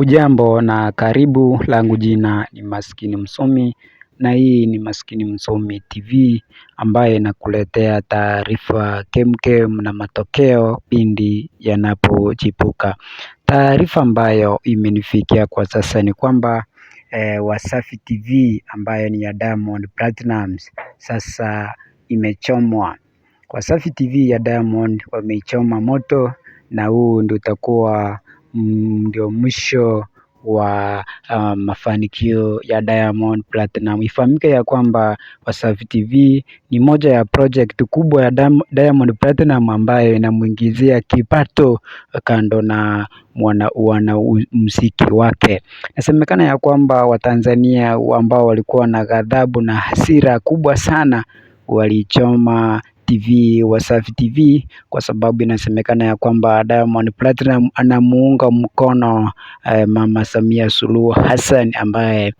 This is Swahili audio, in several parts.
ujambo na karibu langu jina ni maskini msomi na hii ni maskini msomi tv ambaye inakuletea taarifa kemkem na matokeo pindi yanapochipuka. Taarifa ambayo imenifikia kwa sasa ni kwamba eh, Wasafi tv ambayo ni ya Diamond Platinumz sasa imechomwa. Wasafi tv ya Diamond wameichoma moto na huu ndio utakuwa Mm, ndio mwisho wa uh, mafanikio ya Diamond Platinum. Ifahamike ya kwamba Wasafi TV ni moja ya project kubwa ya Diamond Platinum ambayo inamuingizia kipato kando na mwana muziki wake. Inasemekana ya kwamba Watanzania ambao walikuwa na ghadhabu na hasira kubwa sana walichoma TV, Wasafi TV kwa sababu inasemekana ya kwamba Diamond Platinum anamuunga mkono eh, Mama Samia Suluhu Hassan ambaye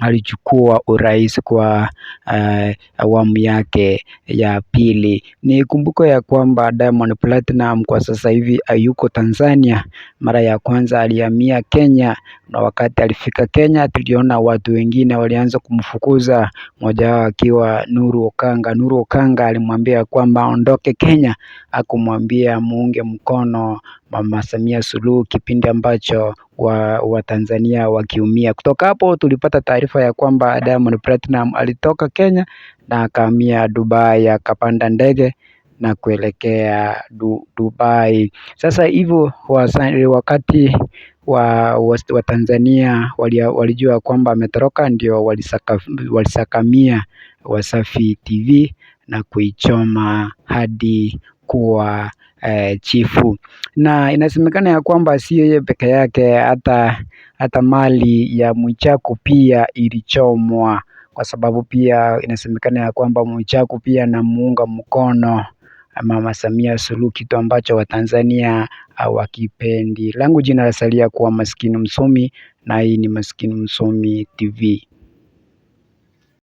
alichukua urais kwa eh, awamu yake ya pili. ni kumbuko ya kwamba Diamond Platinum kwa sasa hivi hayuko Tanzania. Mara ya kwanza alihamia Kenya, na wakati alifika Kenya tuliona watu wengine walianza kumfukuza, mmoja wao akiwa Nuru Okanga. Nuru Okanga alimwambia kwamba aondoke Kenya, akumwambia muunge mkono Mama Samia Suluhu kipindi ambacho watanzania wakiumia. Kutoka hapo tulipata taarifa ya kwamba Diamond Platinum alitoka Kenya na akahamia Dubai akapanda ndege na kuelekea Dubai. Sasa hivyo wakati watanzania walijua kwamba ametoroka ndio walisakamia Wasafi TV na kuichoma hadi kuwa Eh, chifu na inasemekana ya kwamba si yeye peke yake hata mali ya Mwichaku pia ilichomwa kwa sababu pia inasemekana ya kwamba Mwichaku pia anamuunga mkono eh, Mama Samia Suluhu, kitu ambacho Watanzania hawakipendi. Langu jina lasalia kuwa Maskini Msomi, na hii ni Maskini Msomi TV.